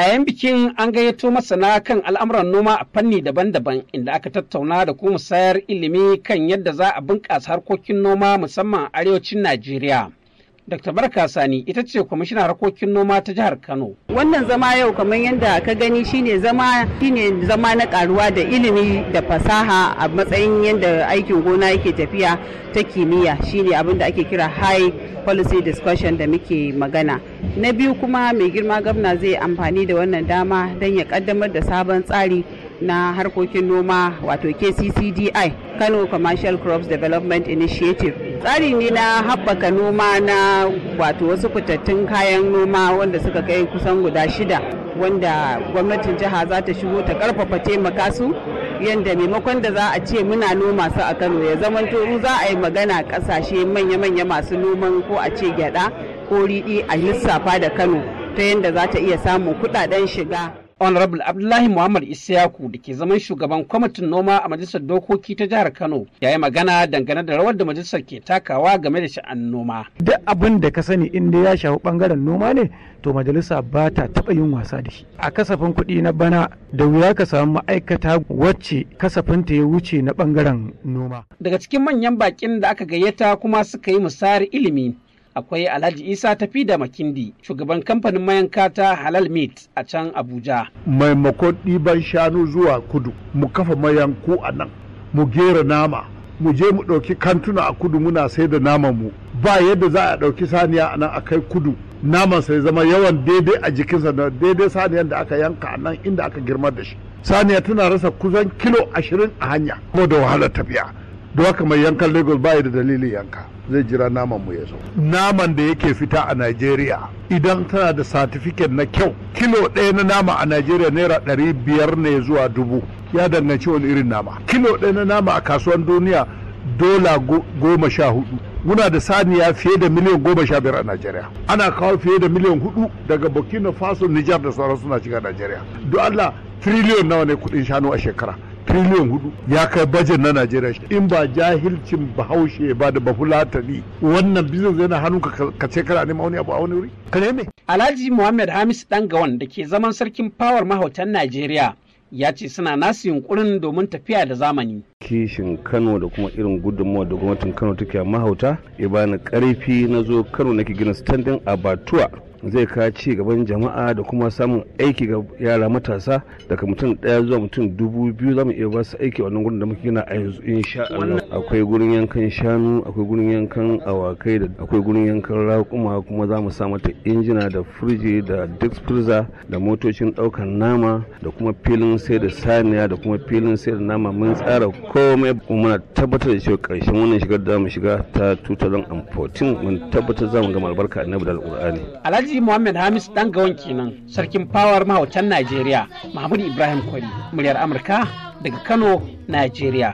A yan bikin an gayyato masana kan al'amuran noma a fanni daban-daban inda aka tattauna da kuma sayar ilimi kan yadda za a bunƙasa harkokin noma musamman a arewacin Najeriya. Dr. Barka Sani ita ce kwamishinan harkokin noma ta jihar Kano. Wannan zama yau kamar yadda ka gani shine zama shine zama na karuwa da ilimi da fasaha a matsayin yadda aikin gona yake tafiya ta kimiyya shine abin da ake kira high policy discussion da muke magana. Na biyu kuma mai girma gwamna zai amfani da wannan dama don ya kaddamar da sabon tsari na harkokin noma wato KCCDI Kano Commercial Crops Development Initiative tsari ne na haɓaka noma na wato wasu fitattun kayan noma wanda suka kai kusan guda shida wanda gwamnatin jiha za ta shigo ta karfafa taimaka su yadda maimakon da za a ce muna noma su a kano ya zama toru za a yi magana kasashe manya-manya masu noman ko a ce gyada ko riɗi a lissafa da kano ta yadda za ta iya samun kuɗaɗen shiga honorable abdullahi muhammad isiyaku da ke zaman shugaban kwamitin noma a majalisar dokoki ta jihar kano ya yi magana dangane da rawar da majalisar ke takawa game da sha'an noma duk abin da ka sani inda ya shafi bangaren noma ne to majalisa ba ta taɓa yin wasa da shi a kasafin kuɗi na bana da wuya ka samu ma'aikata wacce kasafinta ya wuce na bangaren noma daga cikin manyan baƙin da aka gayyata kuma suka yi misari ilimi akwai Alhaji Isa tafi da Makindi shugaban kamfanin mayanka ta Halal Meat a can Abuja. Maimakon ɗiban shanu zuwa kudu mu kafa mayanku a nan mu gera nama mu je mu ɗauki kantuna a kudu muna sai da naman mu ba yadda za a ɗauki saniya a nan a kai kudu naman sai zama yawan daidai a jikinsa da daidai saniyar da aka yanka a nan inda aka girma da shi saniya tana rasa kusan kilo ashirin a hanya da wahalar tafiya don haka mai yankan lagos ba da dalilin yanka zai jira naman mu ya zo naman da yake fita a nigeria idan tana da satifiket na kyau kilo ɗaya na nama a nigeria naira ɗari biyar ne zuwa dubu ya danganci wani irin nama kilo ɗaya na nama a kasuwan duniya dola goma sha hudu muna da saniya fiye da miliyan goma sha biyar a najeriya ana kawo fiye da miliyan hudu daga burkina faso nijar da sauran suna shiga najeriya don allah triliyon nawa ne kudin shanu a shekara triliyon hudu ya kai bajin na najeriya in ba jahilcin bahaushe ba da bafulatani wannan bizin zai na hannu ka ce kana neman wani abu a wani wuri ka neme alhaji muhammad hamis dangawan da ke zaman sarkin fawar mahautan najeriya ya ce suna nasu yunkurin domin tafiya da zamani. Kishin Kano da kuma irin gudunmawa da gwamnatin Kano take mahauta, ya bani karfi na zo Kano nake gina standing abatuwa zai ka ci gaban jama'a da kuma samun aiki ga yara matasa daga mutum ɗaya zuwa mutum dubu biyu zamu iya ba su aiki wannan gurin da muke gina a yanzu insha Allah akwai gurin yankan shanu akwai gurin yankan awakai da akwai gurin yankan raƙuma kuma za mu sa mata injina da firji da dix freezer da motocin daukan nama da kuma filin sai da saniya da kuma filin sai da nama mun tsara komai muna tabbatar da cewa karshen wannan shigar da mu shiga ta 2014 mun tabbatar za mu gama albarka annabi da alƙur'ani. Alhaji Muhammad Hamis dan gawan kenan sarkin fawar mahaucan Najeriya Mahmud Ibrahim Kwari muryar Amurka daga Kano Najeriya.